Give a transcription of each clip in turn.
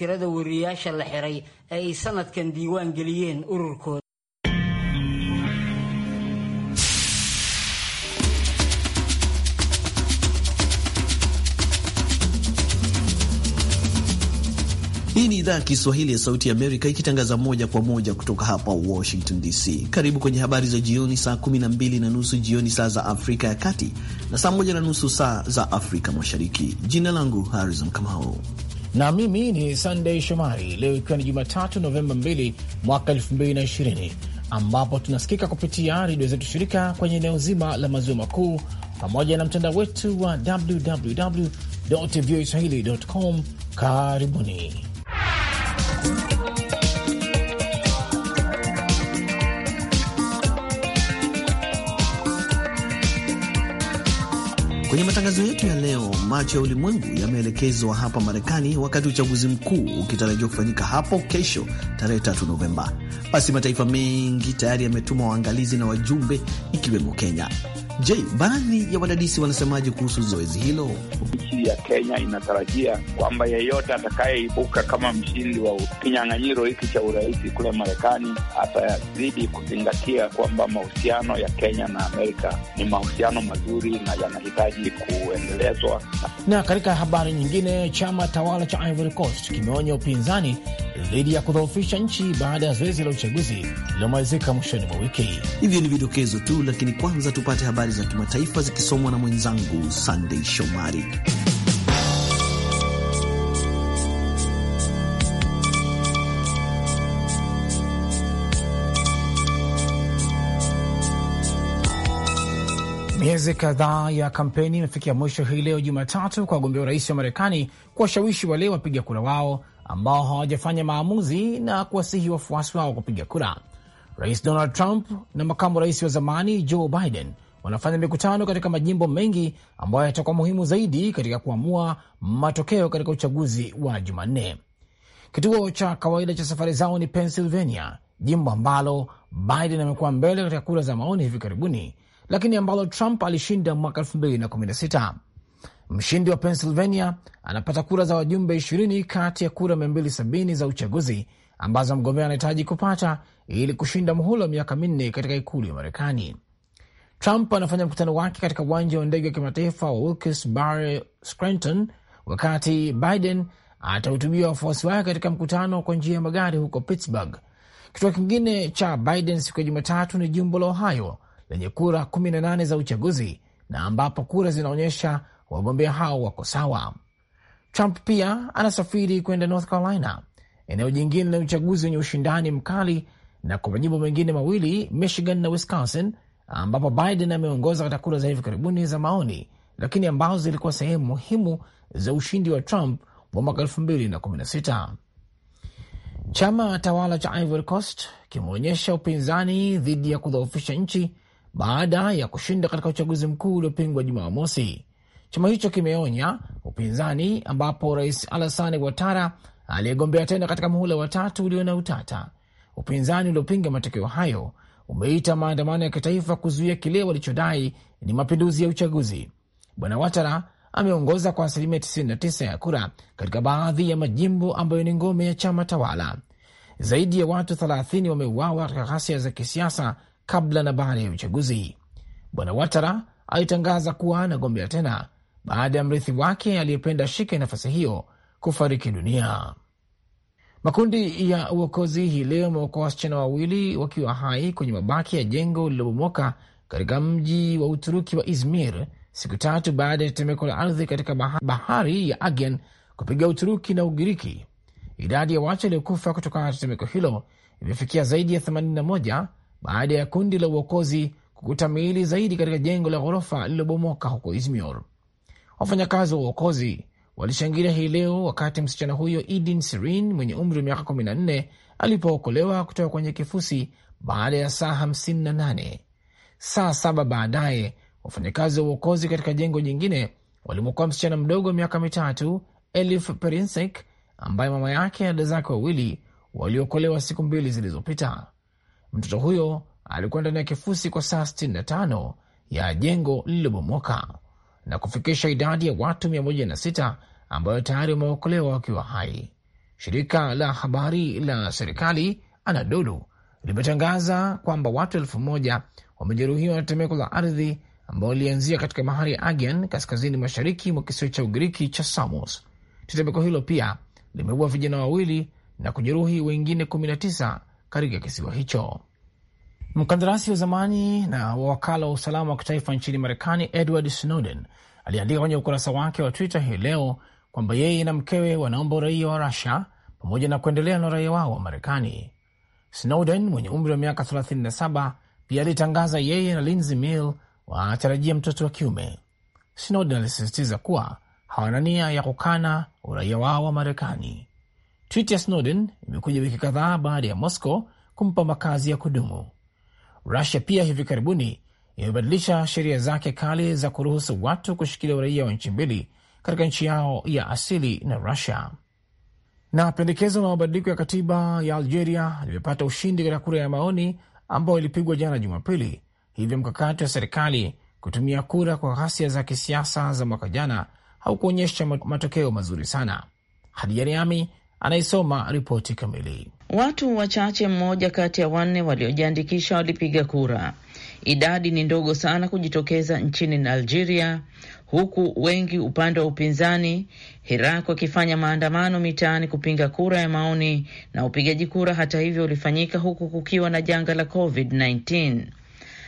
tirada wariyayaasha la xiray ee ay sanadkan diiwaan geliyeen ururkooda. Hii ni idhaa ya Kiswahili ya Sauti ya Amerika ikitangaza moja kwa moja kutoka hapa Washington DC. Karibu kwenye habari za jioni, saa 12 na nusu jioni saa za Afrika ya Kati na saa 1 na nusu saa za Afrika Mashariki. Jina langu Harrison Kamau na mimi ni sandey Shomari. Leo ikiwa ni Jumatatu, Novemba 2 mwaka 2020, ambapo tunasikika kupitia redio zetu shirika kwenye eneo zima la maziwa makuu pamoja na mtandao wetu wa www voaswahili.com. Karibuni Kwenye matangazo yetu ya leo, macho ya ulimwengu yameelekezwa hapa Marekani, wakati uchaguzi mkuu ukitarajiwa kufanyika hapo kesho tarehe 3 Novemba. Basi mataifa mengi tayari yametuma waangalizi na wajumbe, ikiwemo Kenya. Je, baadhi ya wadadisi wanasemaje kuhusu zoezi hilo? Nchi ya Kenya inatarajia kwamba yeyote atakayeibuka kama mshindi wa kinyang'anyiro hiki cha urais kule Marekani atazidi kuzingatia kwamba mahusiano ya Kenya na Amerika ni mahusiano mazuri na yanahitaji kuendelezwa. Na katika habari nyingine, chama tawala cha Ivory Coast kimeonya upinzani dhidi ya kudhoofisha nchi baada ya zoezi la uchaguzi lilomalizika mwishoni mwa wiki. Hivyo ni vidokezo tu, lakini kwanza tupate habari za kimataifa zikisomwa na mwenzangu sandey Shomari. Miezi kadhaa ya kampeni imefikia mwisho hii leo Jumatatu kwa wagombea urais wa Marekani kuwashawishi wale wapiga kura wao ambao hawajafanya maamuzi na kuwasihi wafuasi wao kupiga kura. Rais Donald Trump na makamu rais wa zamani Joe Biden wanafanya mikutano katika majimbo mengi ambayo yatakuwa muhimu zaidi katika kuamua matokeo katika uchaguzi wa Jumanne. Kituo cha kawaida cha safari zao ni Pennsylvania, jimbo ambalo Biden amekuwa mbele katika kura za maoni hivi karibuni, lakini ambalo Trump alishinda mwaka Mshindi wa Pennsylvania anapata kura za wajumbe 20 kati ya kura 270 za uchaguzi ambazo mgombea anahitaji kupata ili kushinda muhula wa miaka minne katika ikulu ya Marekani. Trump anafanya mkutano wake katika uwanja wa ndege wa kimataifa wa Wilkes-Barre Scranton, wakati Biden atahutubia wafuasi wake katika mkutano kwa njia ya magari huko Pittsburgh. Kituo kingine cha Biden siku ya Jumatatu ni jimbo la Ohio lenye kura 18 za uchaguzi na ambapo kura zinaonyesha wagombea hao wako sawa. Trump pia anasafiri kwenda North Carolina, eneo jingine la uchaguzi wenye ushindani mkali, na kwa majimbo mengine mawili Michigan na Wisconsin, ambapo Biden ameongoza katika kura za hivi karibuni za maoni, lakini ambazo zilikuwa sehemu muhimu za ushindi wa Trump wa mwaka 2016. Chama tawala cha Ivory Coast kimeonyesha upinzani dhidi ya kudhoofisha nchi baada ya kushinda katika uchaguzi mkuu uliopingwa Jumamosi. Chama hicho kimeonya upinzani, ambapo rais Alassane Ouattara aliyegombea tena katika muhula wa tatu ulio na utata. Upinzani uliopinga matokeo hayo umeita maandamano ya kitaifa kuzuia kile walichodai ni mapinduzi ya uchaguzi. Bwana watara ameongoza kwa asilimia 99 ya kura katika baadhi ya majimbo ambayo ni ngome ya chama tawala. Zaidi ya watu 30 wameuawa katika ghasia za kisiasa kabla na baada ya uchaguzi. Bwana Watara alitangaza kuwa anagombea tena baada ya mrithi wake aliyependa shike nafasi hiyo kufariki dunia. Makundi ya uokozi hii leo ameokoa wasichana wawili wakiwa hai kwenye mabaki ya jengo lililobomoka katika mji wa Uturuki wa Izmir siku tatu baada ya tetemeko la ardhi katika bahari ya Agen kupiga Uturuki na Ugiriki. Idadi ya watu waliokufa kutokana na tetemeko hilo imefikia zaidi ya 81 baada ya kundi la uokozi kukuta miili zaidi katika jengo la ghorofa lililobomoka huko Izmir. Wafanyakazi wa uokozi walishangilia hii leo wakati msichana huyo Edin Sirin mwenye umri wa miaka 14 alipookolewa kutoka kwenye kifusi baada ya saa 58. Saa saba baadaye wafanyakazi wa uokozi katika jengo jingine walimwokoa msichana mdogo wa miaka mitatu Elif Perinsek ambaye mama yake na dada zake wawili waliokolewa siku mbili zilizopita. Mtoto huyo alikuwa ndani ya kifusi kwa saa 65 ya jengo lililobomoka na kufikisha idadi ya watu 106 ambayo tayari wameokolewa wakiwa hai. Shirika la habari la serikali Anadolu limetangaza kwamba watu elfu moja wamejeruhiwa na tetemeko la ardhi ambao lilianzia katika bahari ya Aegean kaskazini mashariki mwa kisiwa cha Ugiriki cha Samos. Tetemeko hilo pia limeua vijana wawili na kujeruhi wengine 19 katika kisiwa hicho. Mkandarasi wa zamani na wakala wa usalama wa kitaifa nchini Marekani, Edward Snowden aliandika kwenye ukurasa wake wa Twitter hii leo kwamba yeye na mkewe wanaomba uraia wa Rusia pamoja na kuendelea na uraia wao wa Marekani. Snowden mwenye umri wa miaka 37 pia alitangaza yeye na Lindsay Mill wanatarajia mtoto wa kiume. Snowden alisisitiza kuwa hawana nia ya kukana uraia wao wa Marekani. twitt ya Snowden imekuja wiki kadhaa baada ya Moscow kumpa makazi ya kudumu. Rusia pia hivi karibuni imebadilisha sheria zake kali za kuruhusu watu kushikilia uraia wa nchi mbili katika nchi yao ya asili na Rusia. Na pendekezo la mabadiliko ya katiba ya Algeria limepata ushindi katika kura ya maoni ambayo ilipigwa jana Jumapili. Hivyo mkakati wa serikali kutumia kura kwa ghasia za kisiasa za mwaka jana haukuonyesha matokeo mazuri sana. Hadija Riami anaisoma ripoti kamili. Watu wachache, mmoja kati ya wanne waliojiandikisha walipiga kura. Idadi ni ndogo sana kujitokeza nchini Algeria, huku wengi upande wa upinzani Hirak wakifanya maandamano mitaani kupinga kura ya maoni, na upigaji kura hata hivyo ulifanyika huku kukiwa na janga la COVID-19.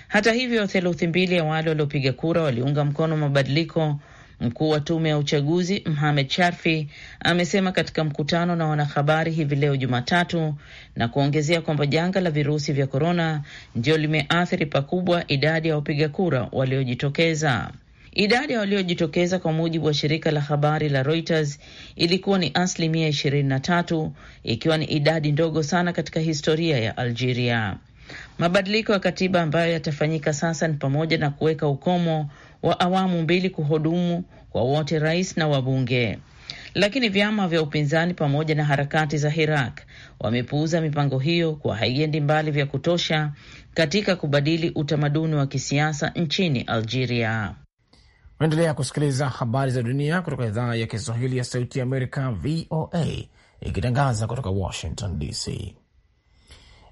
Hata hivyo, theluthi mbili ya wale waliopiga kura waliunga mkono mabadiliko Mkuu wa tume ya uchaguzi Mohamed Sharfi amesema katika mkutano na wanahabari hivi leo Jumatatu, na kuongezea kwamba janga la virusi vya korona ndio limeathiri pakubwa idadi ya wapiga kura waliojitokeza. Idadi ya waliojitokeza kwa mujibu wa shirika la habari la Reuters ilikuwa ni asilimia 23, ikiwa ni idadi ndogo sana katika historia ya Algeria. Mabadiliko ya katiba ambayo yatafanyika sasa ni pamoja na kuweka ukomo wa awamu mbili kuhudumu kwa wote rais na wabunge. Lakini vyama vya upinzani pamoja na harakati za hirak wamepuuza mipango hiyo kwa haiendi mbali vya kutosha katika kubadili utamaduni wa kisiasa nchini Algeria. Unaendelea kusikiliza habari za dunia kutoka idhaa ya Kiswahili ya Sauti ya Amerika, VOA, ikitangaza kutoka Washington DC.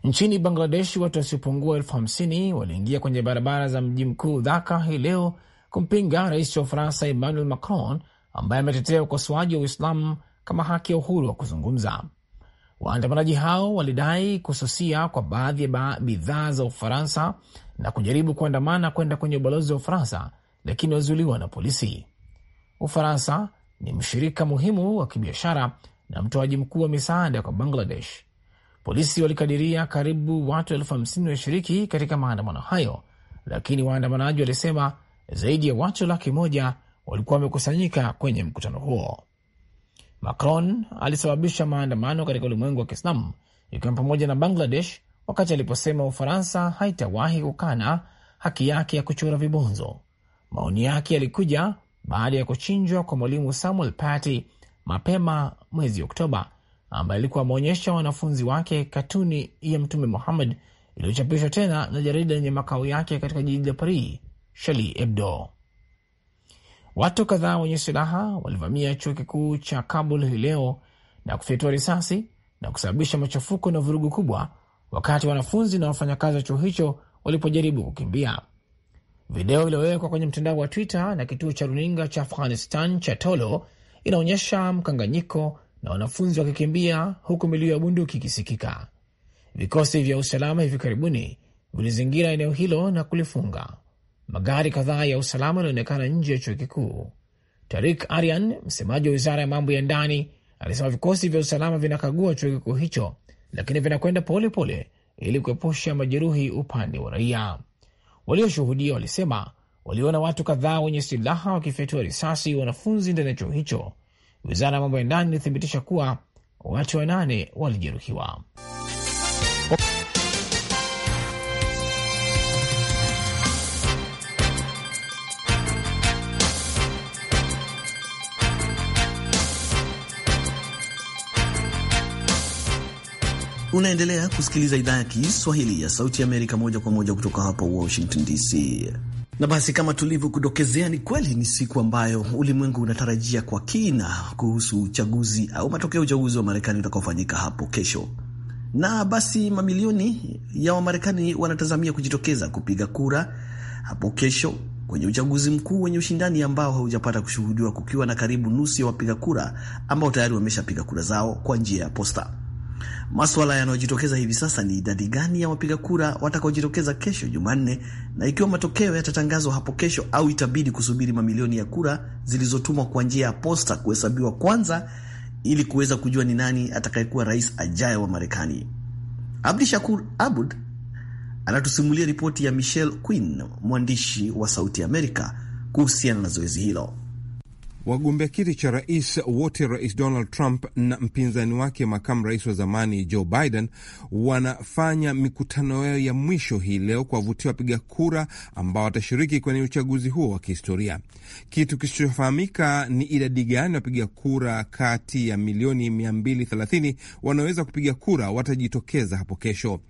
Nchini Bangladesh, watu wasiopungua elfu hamsini waliingia kwenye barabara za mji mkuu Dhaka hii leo kumpinga rais wa Ufaransa Emmanuel Macron ambaye ametetea ukosoaji wa Uislamu kama haki ya uhuru wa kuzungumza. Waandamanaji hao walidai kususia kwa baadhi ya bidhaa za Ufaransa na kujaribu kuandamana kwenda kwenye ubalozi wa Ufaransa, lakini wazuliwa na polisi. Ufaransa ni mshirika muhimu wa kibiashara na mtoaji mkuu wa misaada kwa Bangladesh. Polisi walikadiria karibu watu elfu hamsini washiriki katika maandamano hayo, lakini waandamanaji walisema zaidi ya watu laki moja walikuwa wamekusanyika kwenye mkutano huo. Macron alisababisha maandamano katika ulimwengu wa Kiislamu ikiwa pamoja na Bangladesh wakati aliposema Ufaransa haitawahi kukana haki yake ya kuchora vibonzo. Maoni yake yalikuja baada ya kuchinjwa kwa mwalimu Samuel Paty mapema mwezi Oktoba, ambaye alikuwa ameonyesha wanafunzi wake katuni ya Mtume Muhammad iliyochapishwa tena na jarida lenye makao yake katika jiji la Paris Shali Ebdo. Watu kadhaa wenye silaha walivamia chuo kikuu cha Kabul hii leo na kufyatua risasi na kusababisha machafuko na vurugu kubwa, wakati wanafunzi na wafanyakazi wa chuo hicho walipojaribu kukimbia. Video iliyowekwa kwenye mtandao wa Twitter na kituo cha runinga cha Afghanistan cha Tolo inaonyesha mkanganyiko na wanafunzi wakikimbia huku milio ya bunduki ikisikika. Vikosi vya usalama hivi karibuni vilizingira eneo hilo na kulifunga. Magari kadhaa ya usalama yanaonekana nje ya chuo kikuu. Tarik Arian, msemaji wa wizara ya mambo ya ndani, alisema vikosi vya usalama vinakagua chuo kikuu hicho, lakini vinakwenda polepole ili kuepusha majeruhi upande wa raia. Walioshuhudia walisema waliona watu kadhaa wenye silaha wakifyatua risasi wanafunzi ndani ya chuo hicho. Wizara ya mambo ya ndani ilithibitisha kuwa watu wanane walijeruhiwa. Unaendelea kusikiliza idhaa ya Kiswahili ya Sauti ya Amerika moja kwa moja kutoka hapa Washington DC. Na basi kama tulivyokudokezea, ni kweli ni siku ambayo ulimwengu unatarajia kwa kina kuhusu uchaguzi au matokeo ya uchaguzi wa Marekani utakaofanyika hapo kesho. Na basi mamilioni ya Wamarekani wanatazamia kujitokeza kupiga kura hapo kesho kwenye uchaguzi mkuu wenye ushindani ambao haujapata kushuhudiwa, kukiwa na karibu nusu ya wapiga kura ambao tayari wameshapiga kura zao kwa njia ya posta. Maswala yanayojitokeza hivi sasa ni idadi gani ya wapiga kura watakaojitokeza kesho Jumanne, na ikiwa matokeo yatatangazwa hapo kesho au itabidi kusubiri mamilioni ya kura zilizotumwa kwa njia ya posta kuhesabiwa kwanza ili kuweza kujua ni nani atakayekuwa rais ajaye wa Marekani. Abdi Shakur Abud anatusimulia ripoti ya Michelle Quinn, mwandishi wa Sauti Amerika, kuhusiana na zoezi hilo. Wagombea kiti cha rais wote, Rais Donald Trump na mpinzani wake makamu rais wa zamani Joe Biden, wanafanya mikutano yao ya mwisho hii leo kuwavutia wapiga kura ambao watashiriki kwenye uchaguzi huo wa kihistoria. Kitu kisichofahamika ni idadi gani wapiga kura kati ya milioni 230 wanaoweza kupiga kura watajitokeza hapo kesho.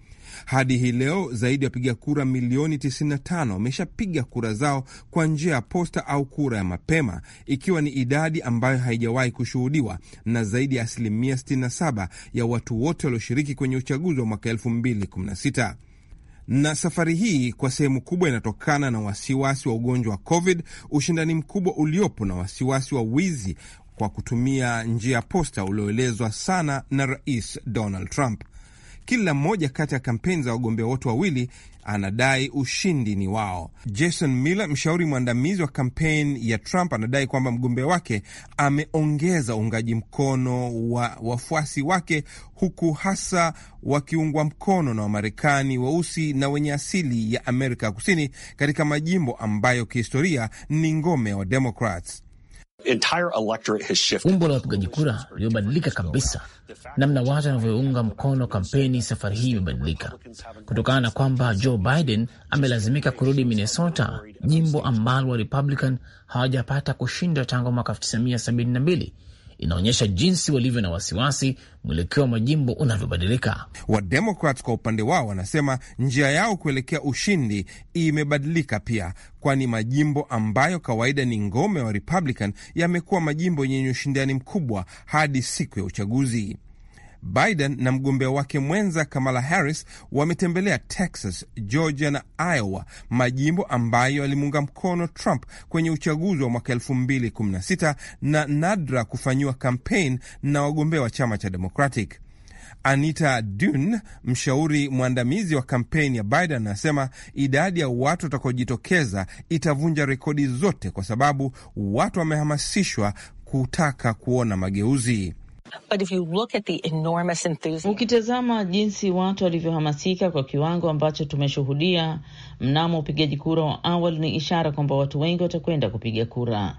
Hadi hii leo zaidi ya wapiga kura milioni 95 wameshapiga kura zao kwa njia ya posta au kura ya mapema, ikiwa ni idadi ambayo haijawahi kushuhudiwa, na zaidi ya asilimia 67 ya watu wote walioshiriki kwenye uchaguzi wa mwaka 2016 na safari hii kwa sehemu kubwa inatokana na wasiwasi wa ugonjwa wa COVID, ushindani mkubwa uliopo na wasiwasi wa wizi kwa kutumia njia ya posta ulioelezwa sana na Rais Donald Trump. Kila mmoja kati ya kampeni za wagombea wote wawili anadai ushindi ni wao. Jason Miller, mshauri mwandamizi wa kampeni ya Trump, anadai kwamba mgombea wake ameongeza uungaji mkono wa wafuasi wake, huku hasa wakiungwa mkono na Wamarekani weusi na wenye asili ya Amerika ya Kusini katika majimbo ambayo kihistoria ni ngome ya wa Umbo la wapigaji kura limebadilika kabisa. Namna watu wanavyounga mkono kampeni safari hii imebadilika kutokana na kwamba Joe Biden amelazimika kurudi Minnesota, jimbo ambalo wa Republican hawajapata kushinda tangu mwaka 1972 inaonyesha jinsi walivyo na wasiwasi mwelekeo wa majimbo unavyobadilika. Wademokrat kwa upande wao wanasema njia yao kuelekea ushindi imebadilika pia, kwani majimbo ambayo kawaida ni ngome wa Republican yamekuwa majimbo yenye ushindani mkubwa hadi siku ya uchaguzi. Biden na mgombea wake mwenza Kamala Harris wametembelea Texas, Georgia na Iowa, majimbo ambayo yalimuunga mkono Trump kwenye uchaguzi wa mwaka 2016 na nadra kufanyiwa kampeni na wagombea wa chama cha Democratic. Anita dun mshauri mwandamizi wa kampeni ya Biden, anasema idadi ya watu watakaojitokeza itavunja rekodi zote, kwa sababu watu wamehamasishwa kutaka kuona mageuzi. But if you look at the enormous enthusiasm... Ukitazama jinsi watu walivyohamasika kwa kiwango ambacho tumeshuhudia mnamo upigaji kura wa awali, ni ishara kwamba watu wengi watakwenda kupiga kura,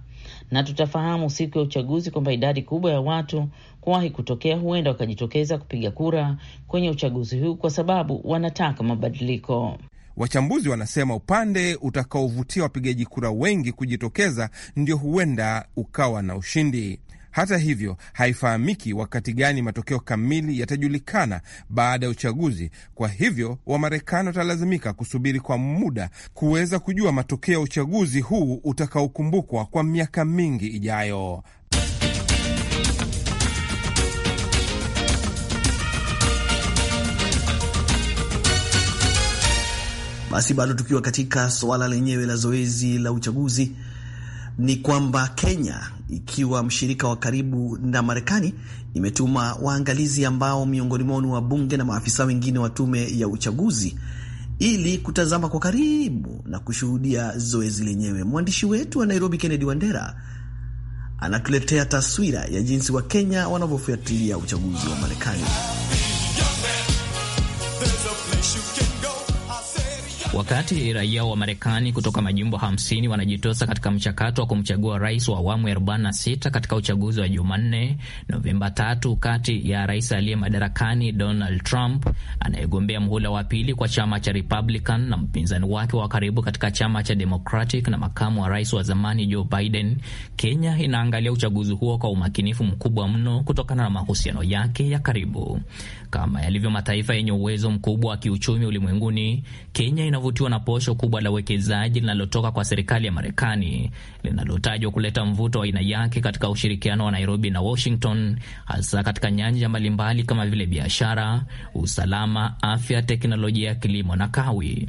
na tutafahamu siku ya uchaguzi kwamba idadi kubwa ya watu kuwahi kutokea huenda wakajitokeza kupiga kura kwenye uchaguzi huu kwa sababu wanataka mabadiliko. Wachambuzi wanasema upande utakaovutia wapigaji kura wengi kujitokeza ndio huenda ukawa na ushindi. Hata hivyo, haifahamiki wakati gani matokeo kamili yatajulikana baada ya uchaguzi. Kwa hivyo, Wamarekani watalazimika kusubiri kwa muda kuweza kujua matokeo ya uchaguzi huu utakaokumbukwa kwa miaka mingi ijayo. Basi bado tukiwa katika suala lenyewe la zoezi la uchaguzi, ni kwamba Kenya ikiwa mshirika wa karibu na Marekani, imetuma waangalizi ambao miongoni mwao ni wabunge na maafisa wengine wa tume ya uchaguzi ili kutazama kwa karibu na kushuhudia zoezi lenyewe. Mwandishi wetu wa Nairobi, Kennedy Wandera, anatuletea taswira ya jinsi Wakenya wanavyofuatilia uchaguzi wa Marekani. Wakati raia wa Marekani kutoka majimbo 50 wanajitosa katika mchakato wa kumchagua rais wa awamu ya 46 katika uchaguzi wa Jumanne Novemba tatu, kati ya rais aliye madarakani Donald Trump anayegombea mhula wa pili kwa chama cha Republican na mpinzani wake wa karibu katika chama cha Democratic na makamu wa rais wa zamani Joe Biden. Kenya inaangalia uchaguzi huo kwa umakinifu mkubwa mno kutokana na mahusiano yake ya karibu. Kama yalivyo mataifa yenye uwezo mkubwa wa kiuchumi ulimwenguni, Kenya ina linavutiwa na posho kubwa la uwekezaji linalotoka kwa serikali ya Marekani linalotajwa kuleta mvuto wa aina yake katika ushirikiano wa Nairobi na Washington, hasa katika nyanja mbalimbali kama vile biashara, usalama, afya, teknolojia, kilimo na kawi.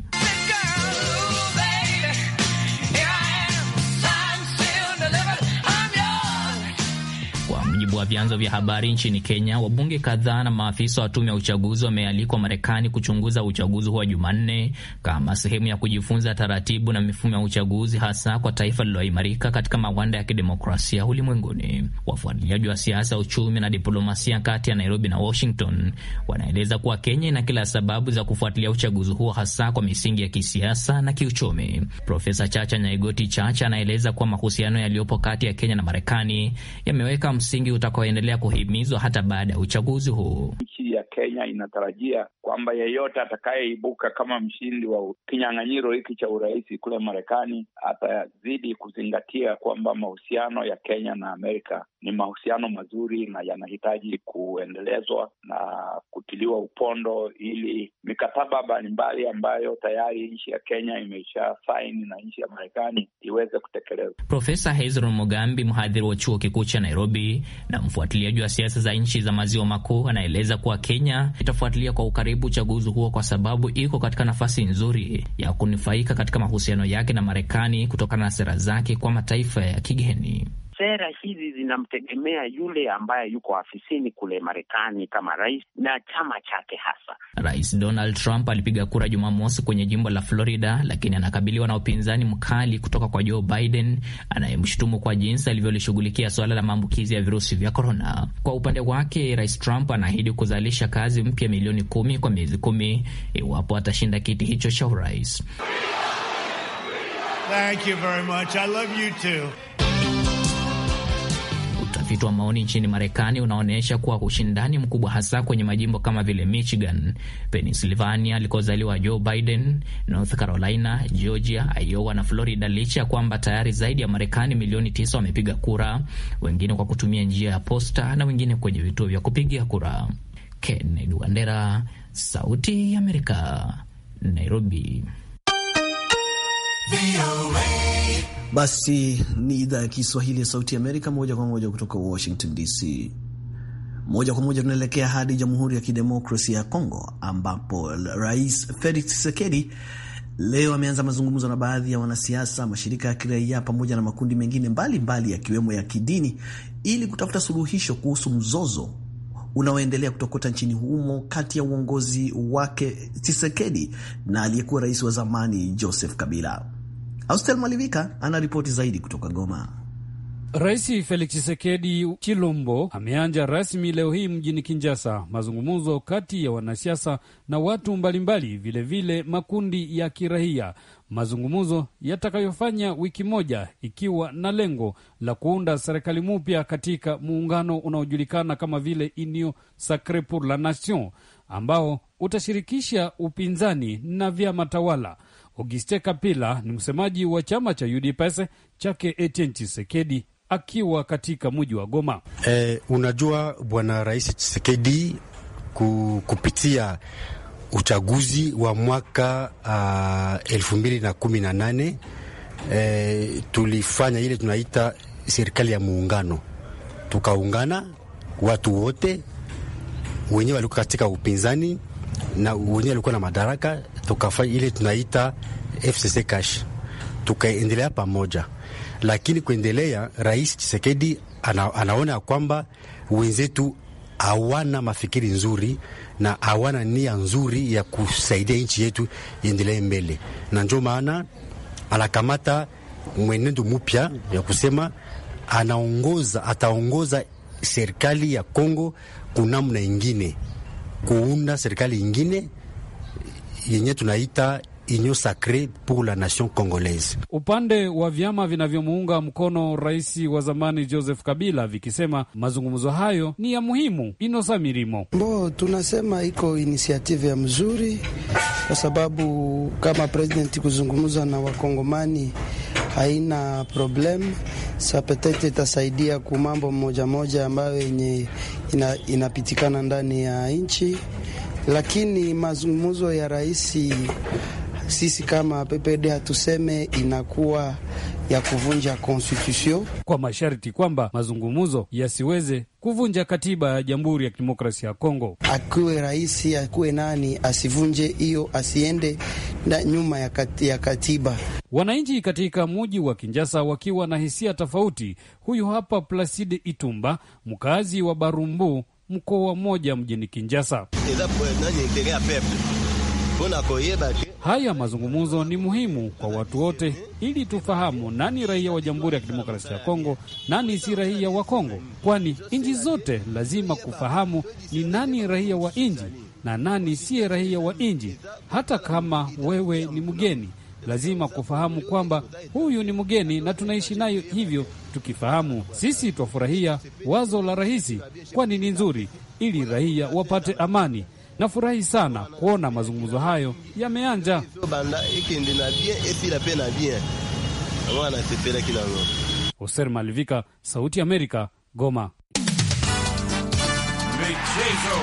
wa vyanzo vya habari nchini Kenya, wabunge kadhaa na maafisa wa tume ya uchaguzi wamealikwa Marekani kuchunguza uchaguzi huwa Jumanne kama sehemu ya kujifunza taratibu na mifumo ya uchaguzi, hasa kwa taifa lililoimarika katika mawanda ya kidemokrasia ulimwenguni. Wafuatiliaji wa siasa, uchumi na diplomasia kati ya Nairobi na Washington wanaeleza kuwa Kenya ina kila sababu za kufuatilia uchaguzi huo, hasa kwa misingi ya kisiasa na kiuchumi. Profesa Chacha Nyaigoti Chacha anaeleza kuwa mahusiano yaliyopo kati ya Kenya na Marekani yameweka msingi uta utakaoendelea kuhimizwa hata baada ya uchaguzi huu. Nchi ya Kenya inatarajia kwamba yeyote atakayeibuka kama mshindi wa kinyang'anyiro hiki cha urais kule Marekani atazidi kuzingatia kwamba mahusiano ya Kenya na Amerika ni mahusiano mazuri na yanahitaji kuendelezwa na kutiliwa upondo, ili mikataba mbalimbali ambayo tayari nchi ya Kenya imesha saini na nchi ya Marekani iweze kutekelezwa. Profesa Hezron Mogambi, mhadhiri wa chuo kikuu cha Nairobi na mfuatiliaji wa siasa za nchi za maziwa makuu anaeleza kuwa Kenya itafuatilia kwa ukaribu uchaguzi huo kwa sababu iko katika nafasi nzuri ya kunufaika katika mahusiano yake na Marekani kutokana na sera zake kwa mataifa ya kigeni sera hizi zinamtegemea yule ambaye yuko afisini kule Marekani kama rais na chama chake hasa. Rais Donald Trump alipiga kura Jumamosi kwenye jimbo la Florida, lakini anakabiliwa na upinzani mkali kutoka kwa Joe Biden anayemshutumu kwa jinsi alivyolishughulikia suala la maambukizi ya virusi vya korona. Kwa upande wake, Rais Trump anaahidi kuzalisha kazi mpya milioni kumi kwa miezi kumi iwapo atashinda kiti hicho cha urais. Utafiti wa maoni nchini Marekani unaonyesha kuwa ushindani mkubwa hasa kwenye majimbo kama vile Michigan, Pennsylvania alikozaliwa Joe Biden, North Carolina, Georgia, Iowa na Florida, licha ya kwamba tayari zaidi ya Marekani milioni tisa wamepiga kura, wengine kwa kutumia njia ya posta na wengine kwenye vituo vya kupigia kura. Kennedy Wandera, Sauti ya Amerika, Nairobi. Basi ni idhaa ya Kiswahili ya Sauti Amerika, moja kwa moja kutoka Washington DC. Moja kwa moja tunaelekea hadi Jamhuri ya Kidemokrasia ya Kongo, ambapo Rais Felix Tshisekedi leo ameanza mazungumzo na baadhi ya wanasiasa, mashirika ya kiraia pamoja na makundi mengine mbalimbali yakiwemo ya kidini ili kutafuta suluhisho kuhusu mzozo unaoendelea kutokota nchini humo kati ya uongozi wake chisekedi na aliyekuwa rais wa zamani Joseph Kabila. Austel Malivika ana ripoti zaidi kutoka Goma. Rais Felix chisekedi Chilombo ameanja rasmi leo hii mjini kinjasa mazungumzo kati ya wanasiasa na watu mbalimbali, vilevile makundi ya kirahia mazungumzo yatakayofanya wiki moja ikiwa na lengo la kuunda serikali mpya katika muungano unaojulikana kama vile Union Sacree pour la Nation ambao utashirikisha upinzani na vyama tawala. Auguste Kapila ni msemaji wa chama cha UDPS chake Etienne chisekedi akiwa katika mji wa Goma. Eh, unajua bwana Rais chisekedi kupitia uchaguzi wa mwaka uh, elfu mbili na kumi na nane eh, tulifanya ile tunaita serikali ya muungano, tukaungana watu wote wenyewe walikuwa katika upinzani na wenyewe walikuwa na madaraka, tukafanya ile tunaita FCC cash, tukaendelea pamoja. Lakini kuendelea, Rais Chisekedi ana, anaona ya kwamba wenzetu hawana mafikiri nzuri na hawana nia nzuri ya kusaidia nchi yetu iendelee mbele, na ndio maana anakamata mwenendo mupya ya kusema anaongoza, ataongoza serikali ya Kongo kunamna ingine, kuunda serikali ingine yenye tunaita union sacrée pour la nation congolaise. Upande wa vyama vinavyomuunga mkono rais wa zamani Joseph Kabila vikisema mazungumzo hayo ni ya muhimu. Inosa Mirimo mbo tunasema iko inisiative ya mzuri, kwa sababu kama presidenti kuzungumza na wakongomani haina problem sapetete itasaidia ku mambo moja moja ambayo yenye ina, inapitikana ndani ya nchi, lakini mazungumzo ya raisi sisi kama PPD hatuseme inakuwa ya kuvunja konstitution kwa masharti kwamba mazungumzo yasiweze kuvunja katiba ya Jamhuri ya Kidemokrasia ya Kongo. Akiwe rais akuwe nani, asivunje hiyo, asiende na nyuma ya, kat, ya katiba. Wananchi katika muji wa Kinjasa wakiwa na hisia tofauti. Huyu hapa Placide Itumba, mkazi wa Barumbu, mkoa mmoja mjini Kinjasa. Haya mazungumzo ni muhimu kwa watu wote, ili tufahamu nani raia wa Jamhuri ya Kidemokrasia ya Kongo, nani si raia wa Kongo, kwani nchi zote lazima kufahamu ni nani raia wa nchi na nani siye raia wa nchi. Hata kama wewe ni mgeni, lazima kufahamu kwamba huyu ni mgeni na tunaishi nayo hivyo. Tukifahamu sisi, twafurahia wazo la rahisi, kwani ni nzuri, ili raia wapate amani. Nafurahi sana kuona mazungumzo hayo yameanja. Hoser Malivika, Sauti ya Amerika, Goma. Michezo.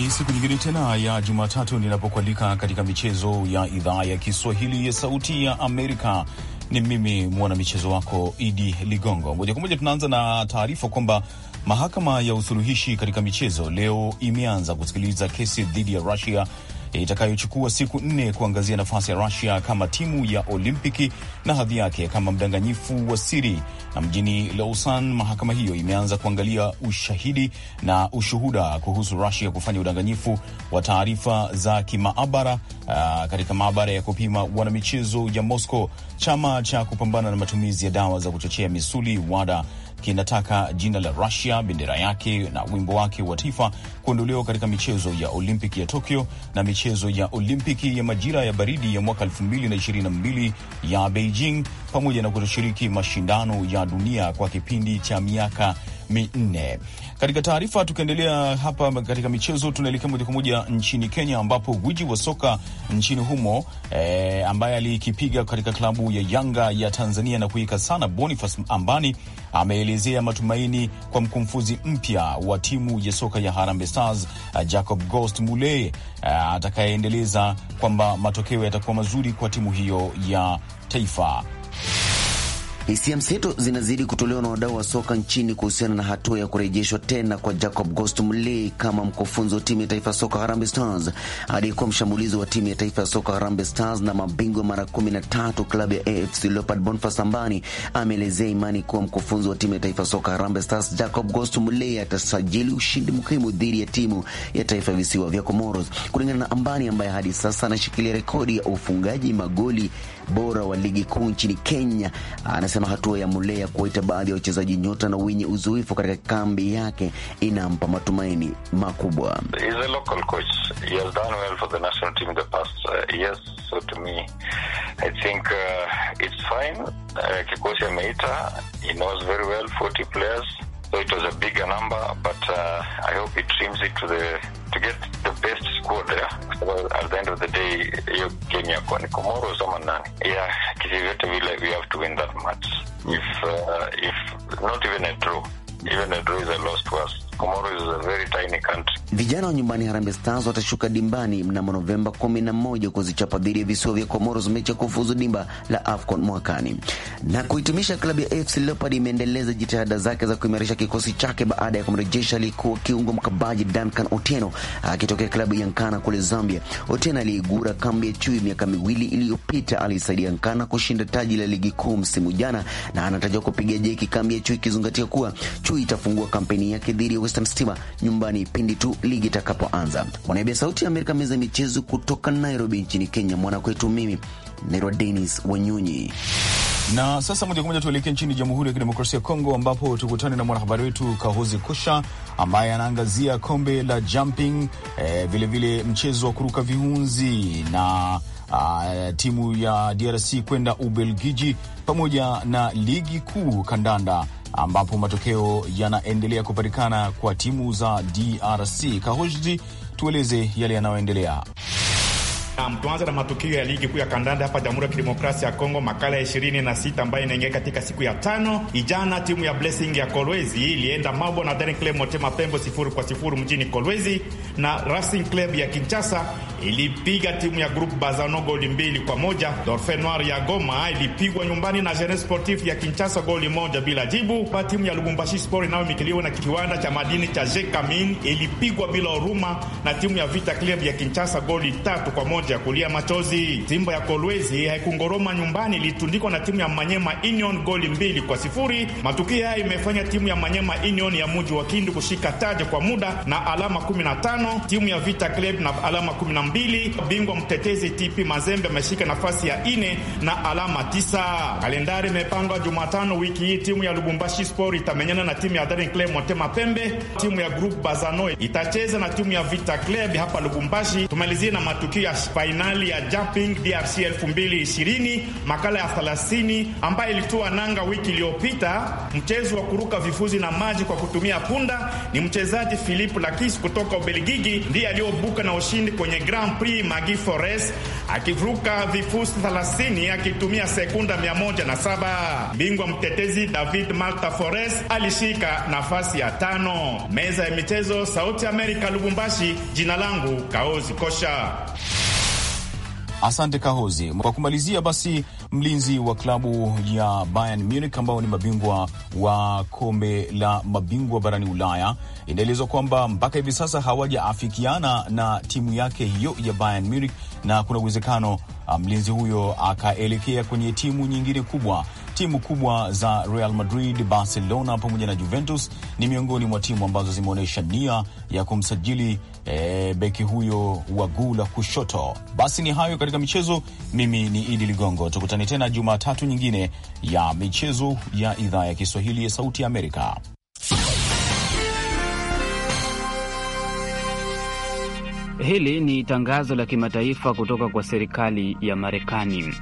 Ni siku nyingine tena ya Jumatatu ninapokualika katika michezo ya idhaa ya Kiswahili ya Sauti ya Amerika ni mimi mwanamichezo wako Idi Ligongo. Moja kwa moja tunaanza na taarifa kwamba mahakama ya usuluhishi katika michezo leo imeanza kusikiliza kesi dhidi ya Rusia itakayochukua siku nne kuangazia nafasi ya Rusia kama timu ya Olimpiki na hadhi yake kama mdanganyifu wa siri. Na mjini Lausanne, mahakama hiyo imeanza kuangalia ushahidi na ushuhuda kuhusu Rusia kufanya udanganyifu wa taarifa za kimaabara uh, katika maabara ya kupima wanamichezo ya Moscow. Chama cha kupambana na matumizi ya dawa za kuchochea misuli WADA kinataka jina la Rusia, bendera yake na wimbo wake wa taifa kuondolewa katika michezo ya Olimpiki ya Tokyo na michezo ya Olimpiki ya majira ya baridi ya mwaka 2022 ya Beijing, pamoja na kutoshiriki mashindano ya dunia kwa kipindi cha miaka minne. Katika taarifa tukiendelea hapa katika michezo, tunaelekea moja kwa moja nchini Kenya, ambapo gwiji wa soka nchini humo e, ambaye alikipiga katika klabu ya Yanga ya Tanzania na kuika sana, Boniface Ambani ameelezea matumaini kwa mkufunzi mpya wa timu ya soka ya Harambee Stars uh, Jacob Ghost Mulee uh, atakayeendeleza kwamba matokeo yatakuwa mazuri kwa timu hiyo ya taifa. Hisia mseto zinazidi kutolewa na wadau wa soka nchini kuhusiana na hatua ya kurejeshwa tena kwa Jacob Ghost Mulee kama mkufunzi wa timu ya taifa ya soka Harambee Stars. Aliyekuwa mshambulizi wa timu ya taifa ya soka Harambee Stars na mabingwa mara 13 klabu ya AFC Leopards Boniface Ambani ameelezea imani kuwa mkufunzi wa timu ya taifa ya soka Harambee Stars Jacob Ghost Mulee atasajili ushindi muhimu dhidi ya timu ya taifa ya visiwa vya Comoros. Kulingana na Ambani ambaye hadi sasa anashikilia rekodi ya ufungaji magoli bora wa ligi kuu nchini Kenya anasema hatua ya Mulee ya kuwaita baadhi ya wachezaji nyota na wenye uzoefu katika kambi yake inampa matumaini makubwa. Uh, uh, uh, kikosi ameita, he knows very well 40 players So it was a bigger number, but uh, I hope it trims it to the to get the best score there. Well, at the end of the day, you game yakuwa ni Komoro ama nani, uh, yeah, we have to win that match. If uh, if not even a draw, even a draw is a loss to us. Comoros is a very tiny country. Vijana wa nyumbani Harambee Stars watashuka dimbani mnamo Novemba 11 kuzichapa dhidi ya visiwa vya Comoros mechi ya kufuzu dimba la AFCON mwakani. Na kuhitimisha, klabu ya AFC Leopards imeendeleza jitihada zake za kuimarisha kikosi chake baada ya kumrejesha aliyekuwa kiungo mkabaji Duncan Otieno akitokea klabu ya Nkana kule Zambia. Otieno aliigura kambi ya chui miaka miwili iliyopita, alisaidia Nkana kushinda taji la ligi kuu msimu jana, na anatajwa kupiga jeki kambi ya chui ikizingatia kuwa chui itafungua kampeni yake dhidi ya Western Stima nyumbani pindi tu ligi itakapoanza. Kwa Sauti ya Amerika, meza ya michezo kutoka Nairobi nchini Kenya, mwanakwetu mimi naitwa Denis Wanyunyi. Na sasa moja kwa moja tuelekee nchini Jamhuri ya Kidemokrasia ya Kongo, ambapo tukutane na mwanahabari wetu Kahozi Kusha ambaye anaangazia kombe la jumping, vilevile eh, vile mchezo wa kuruka viunzi na Uh, timu ya DRC kwenda Ubelgiji pamoja na ligi kuu kandanda ambapo matokeo yanaendelea kupatikana kwa timu za DRC. Kahoji, tueleze yale yanayoendelea. Mtuanza na matukio ya ligi kuu ya kandanda hapa Jamhuri ya Kidemokrasia ya Kongo, makala ya ishirini na sita ambayo inaingia katika siku ya tano. Ijana timu ya Blessing ya Kolwezi ilienda Mabo na Daring Club Motema Pembe sifuri kwa sifuri mjini Kolwezi, na Racing Club ya Kinshasa ilipiga timu ya grupu Bazano goli mbili kwa moja. Dorfe Noir ya Goma ilipigwa nyumbani na Jene Sportif ya Kinshasa goli moja bila jibu, kwa timu ya Lubumbashi Sport inayomikiliwa na kiwanda cha madini cha Jekamin ilipigwa bila huruma na timu ya Vita Club ya Kinshasa goli tatu kwa moja kulia machozi. Simba ya Kolwezi haikungoroma nyumbani, ilitundikwa na timu ya Manyema Union goli mbili kwa sifuri. Matukio haya imefanya timu ya Manyema Union ya muji wa Kindu kushika taji kwa muda na alama 15, timu ya Vita Club na alama mbili. Bingwa mtetezi TP Mazembe ameshika nafasi ya ine na alama tisa. Kalendari imepangwa Jumatano wiki hii, timu ya Lubumbashi Sport itamenyana na timu ya Daring Club Motema Pembe. Timu ya Group Bazano itacheza na timu ya Vita Club hapa Lubumbashi. Tumalizie na matukio ya fainali ya Jumping DRC 2020 makala ya 30 ambayo ilitua nanga wiki iliyopita. Mchezo wa kuruka vifuzi na maji kwa kutumia punda ni mchezaji philip Lakis kutoka Ubelgiji ndiye aliyobuka na ushindi kwenye gra Grand Prix Magui Forest akivuka vifusi 30 akitumia sekunda 107. Bingwa mtetezi David Malta Forest alishika nafasi ya tano. Meza ya michezo, Sauti Amerika, Lubumbashi. Jina langu Kaozi Kosha. Asante Kahozi. Kwa kumalizia basi, mlinzi wa klabu ya Bayern Munich ambao ni mabingwa wa kombe la mabingwa barani Ulaya, inaelezwa kwamba mpaka hivi sasa hawajaafikiana na timu yake hiyo ya Bayern Munich, na kuna uwezekano ah, mlinzi huyo akaelekea kwenye timu nyingine kubwa. Timu kubwa za Real Madrid, Barcelona pamoja na Juventus ni miongoni mwa timu ambazo zimeonyesha nia ya kumsajili e, beki huyo wa guu la kushoto. Basi ni hayo katika michezo. Mimi ni Idi Ligongo, tukutane tena Jumatatu nyingine ya michezo ya idhaa ya Kiswahili ya Sauti ya Amerika. Hili ni tangazo la kimataifa kutoka kwa serikali ya Marekani.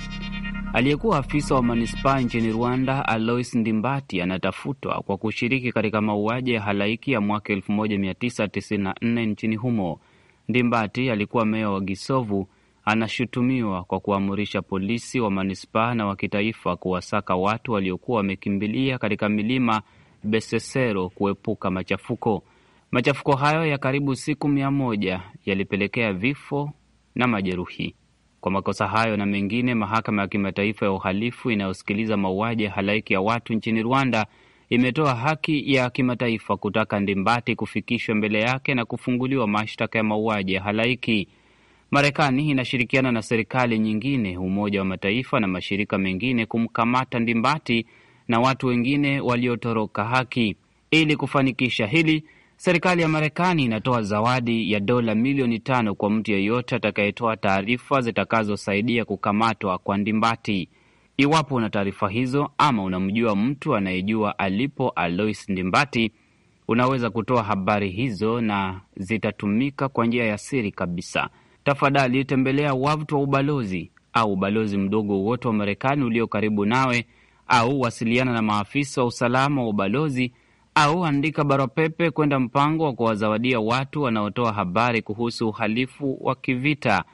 Aliyekuwa afisa wa manispaa nchini Rwanda, Alois Ndimbati, anatafutwa kwa kushiriki katika mauaji ya halaiki ya mwaka 1994 nchini humo. Ndimbati alikuwa meya wa Gisovu, anashutumiwa kwa kuamurisha polisi wa manispaa na wa kitaifa kuwasaka watu waliokuwa wamekimbilia katika milima Besesero kuepuka machafuko. Machafuko hayo ya karibu siku mia moja yalipelekea vifo na majeruhi. Kwa makosa hayo na mengine, mahakama ya kimataifa ya uhalifu inayosikiliza mauaji ya halaiki ya watu nchini Rwanda imetoa haki ya kimataifa kutaka Ndimbati kufikishwa mbele yake na kufunguliwa mashtaka ya mauaji ya halaiki. Marekani inashirikiana na serikali nyingine, Umoja wa Mataifa na mashirika mengine kumkamata Ndimbati na watu wengine waliotoroka haki. Ili kufanikisha hili, Serikali ya Marekani inatoa zawadi ya dola milioni tano kwa mtu yeyote atakayetoa taarifa zitakazosaidia kukamatwa kwa Ndimbati. Iwapo una taarifa hizo ama unamjua mtu anayejua alipo Alois Ndimbati, unaweza kutoa habari hizo na zitatumika kwa njia ya siri kabisa. Tafadhali tembelea wavuti wa ubalozi au ubalozi mdogo wowote wa Marekani ulio karibu nawe, au wasiliana na maafisa wa usalama wa ubalozi au andika barua pepe kwenda mpango wa kuwazawadia watu wanaotoa habari kuhusu uhalifu wa kivita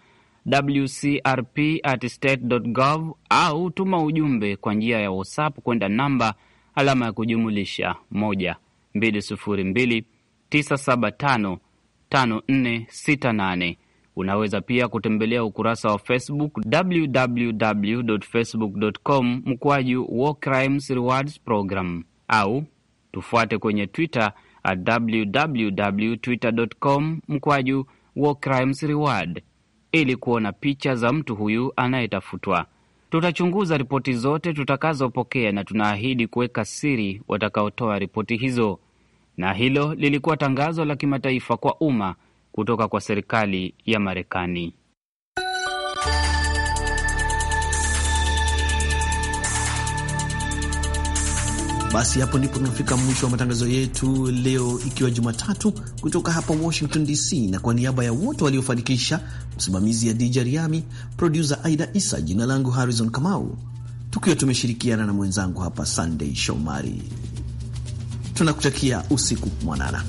WCRP at gov au tuma ujumbe kwa njia ya WhatsApp kwenda namba alama ya kujumulisha 12029755468. Unaweza pia kutembelea ukurasa wa Facebook www.facebook.com mkwaju War Crimes Rewards Program au Tufuate kwenye Twitter at www twitter com mkwaju war crimes reward ili kuona picha za mtu huyu anayetafutwa. Tutachunguza ripoti zote tutakazopokea na tunaahidi kuweka siri watakaotoa ripoti hizo. Na hilo lilikuwa tangazo la kimataifa kwa umma kutoka kwa serikali ya Marekani. Basi hapo ndipo tunafika mwisho wa matangazo yetu leo, ikiwa Jumatatu, kutoka hapa Washington DC, na kwa niaba ya wote waliofanikisha, msimamizi ya Dija Riami, produsa Aida Isa, jina langu Harrison Kamau, tukiwa tumeshirikiana na mwenzangu hapa Sunday Shomari, tunakutakia usiku mwanana.